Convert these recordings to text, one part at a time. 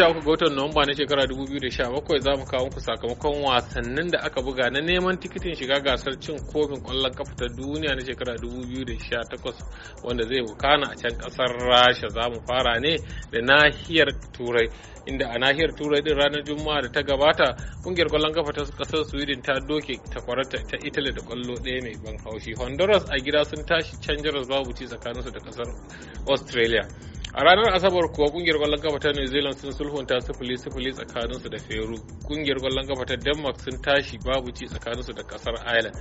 sha uku ga watan Nuwamba na shekara 2017 za mu kawo muku sakamakon wasannin da aka buga na neman tikitin shiga gasar cin kofin kwallon kafa ta duniya na shekara 2018 wanda zai bukana a can kasar Rasha za mu fara ne da nahiyar Turai inda a nahiyar Turai din ranar Juma'a da ta gabata kungiyar kwallon kafa ta kasar Sweden ta doke takwarata ta Italy da kwallo ɗaya mai ban haushi. Honduras a gida sun tashi can babu ci tsakaninsu da kasar Australia. a ranar asabar kuwa kungiyar kwallon kafa ta new zealand sun sulhunta sifili sifili tsakaninsu da feru kungiyar kwallon kafa ta denmark sun tashi babu ci tsakaninsu da kasar ireland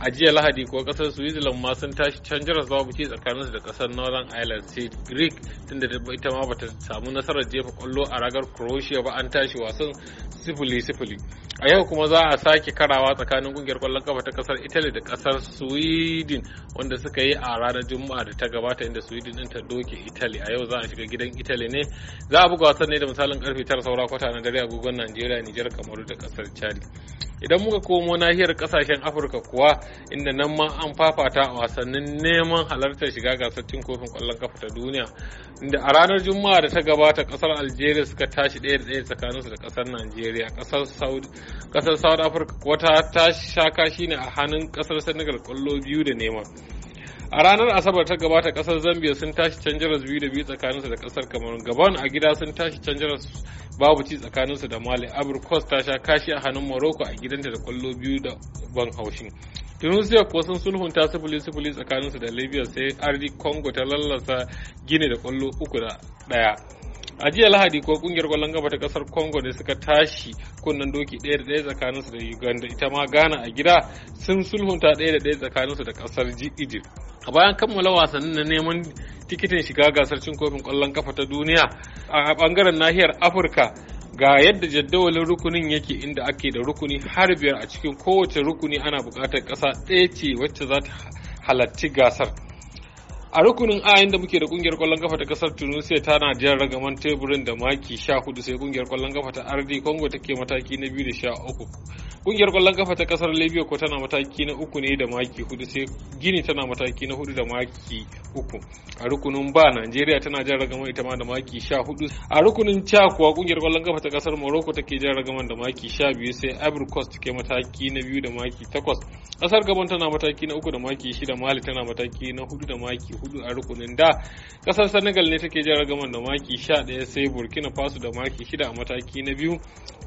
a jiya lahadi kuwa kasar switzerland ma sun tashi can babu ci tsakaninsu da kasar northern ireland sai greek tunda ita ma bata samu nasarar jefa kwallo a ragar croatia ba an tashi wasan sifili sifili a yau kuma za a sake karawa tsakanin kungiyar kwallon kafa ta kasar italy da kasar sweden wanda suka yi a ranar juma'a da ta gabata inda sweden din ta doke italy a yau za a shiga gidan italy ne za a buga wasan ne da misalin karfe tara saura kwata na dare agogon najeriya nijar kamaru da kasar chad idan muka komo nahiyar kasashen afirka kuwa inda nan ma an fafata a wasannin neman halartar shiga gasar cin kofin kwallon kafa ta duniya inda a ranar juma'a da ta gabata kasar algeria suka tashi ɗaya da ɗaya su da kasar nigeria kasar south africa kuwa ta sha kashi ne a hannun kasar senegal kwallo biyu da neman a ranar asabar ta gabata kasar zambia sun tashi can jaras biyu da biyu tsakaninsu da kasar cameroon gabon a gida sun tashi can babu ci tsakaninsu da mali abrikos ta sha kashi a hannun morocco a gidanta da kwallo biyu da ban haushin tunisia kuwa sun sulhunta sifili sifili tsakaninsu da libya sai rd congo ta lallasa gini da kwallo uku da daya a jiya lahadi ko kungiyar kwallon gaba ta kasar congo ne suka tashi kunnen doki daya da ɗaya tsakaninsu da uganda ita ma ghana a gida sun sulhunta ɗaya da ɗaya tsakaninsu da ƙasar egypt a bayan kammala wasannin na neman tikitin shiga gasar cin kofin ƙwallon kafa ta duniya a ɓangaren nahiyar afirka ga yadda jadawalin rukunin yake inda ake da rukuni har biyar a cikin kowace rukuni ana buƙatar ƙasa ɗaya ce wacce za ta halarci gasar a rukunin a inda muke da kungiyar kwallon kafa ta kasar tunisia tana jiyar ragaman teburin da maki hudu sai kungiyar kwallon kafa ta rd congo take mataki na biyu da sha uku kungiyar kwallon kafa ta kasar libya ko tana mataki na uku ne da maki hudu sai gini tana mataki na hudu da maki uku a rukunin ba najeriya tana jan ragaman ita ma da maki sha hudu a rukunin ca kuwa kungiyar kwallon kafa ta kasar morocco take jan ragaman da maki sha biyu sai ivory coast ke mataki na biyu da maki takwas kasar gabon tana mataki na uku da maki shida mali tana mataki na hudu da maki hudu a rukunin da kasar senegal ne take jan ragaman da maki sha daya sai burkina faso da maki shida a mataki na biyu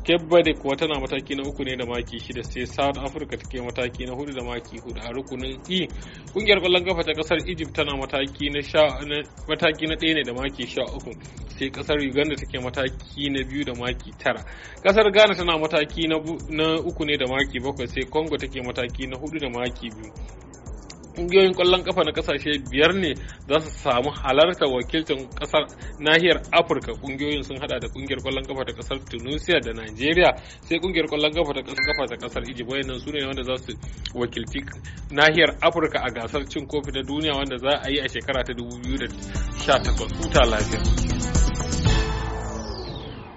kebba kuwa tana mataki na uku ne da maki maki shida sai South Africa take mataki na hudu da maki hudu a rukunin E. Kungiyar kwallon kafa ta kasar Egypt tana mataki na mataki na ɗaya ne da maki sha uku sai kasar Uganda take mataki na biyu da maki tara. Kasar Ghana tana mataki na uku ne da maki bakwai sai Congo take mataki na hudu da maki biyu. kungiyoyin kwallon kafa na kasashe biyar ne za su samu halarta wakilcin kasar nahiyar afirka kungiyoyin sun hada da kungiyar kwallon kafa ta kasar tunisia da nigeria sai kungiyar kwallon kafa ta kasar kafa ta kasar egypt wayannan su ne wanda za su wakilci nahiyar afirka a gasar cin kofi na duniya wanda za a yi a shekara ta 2018 huta lafiya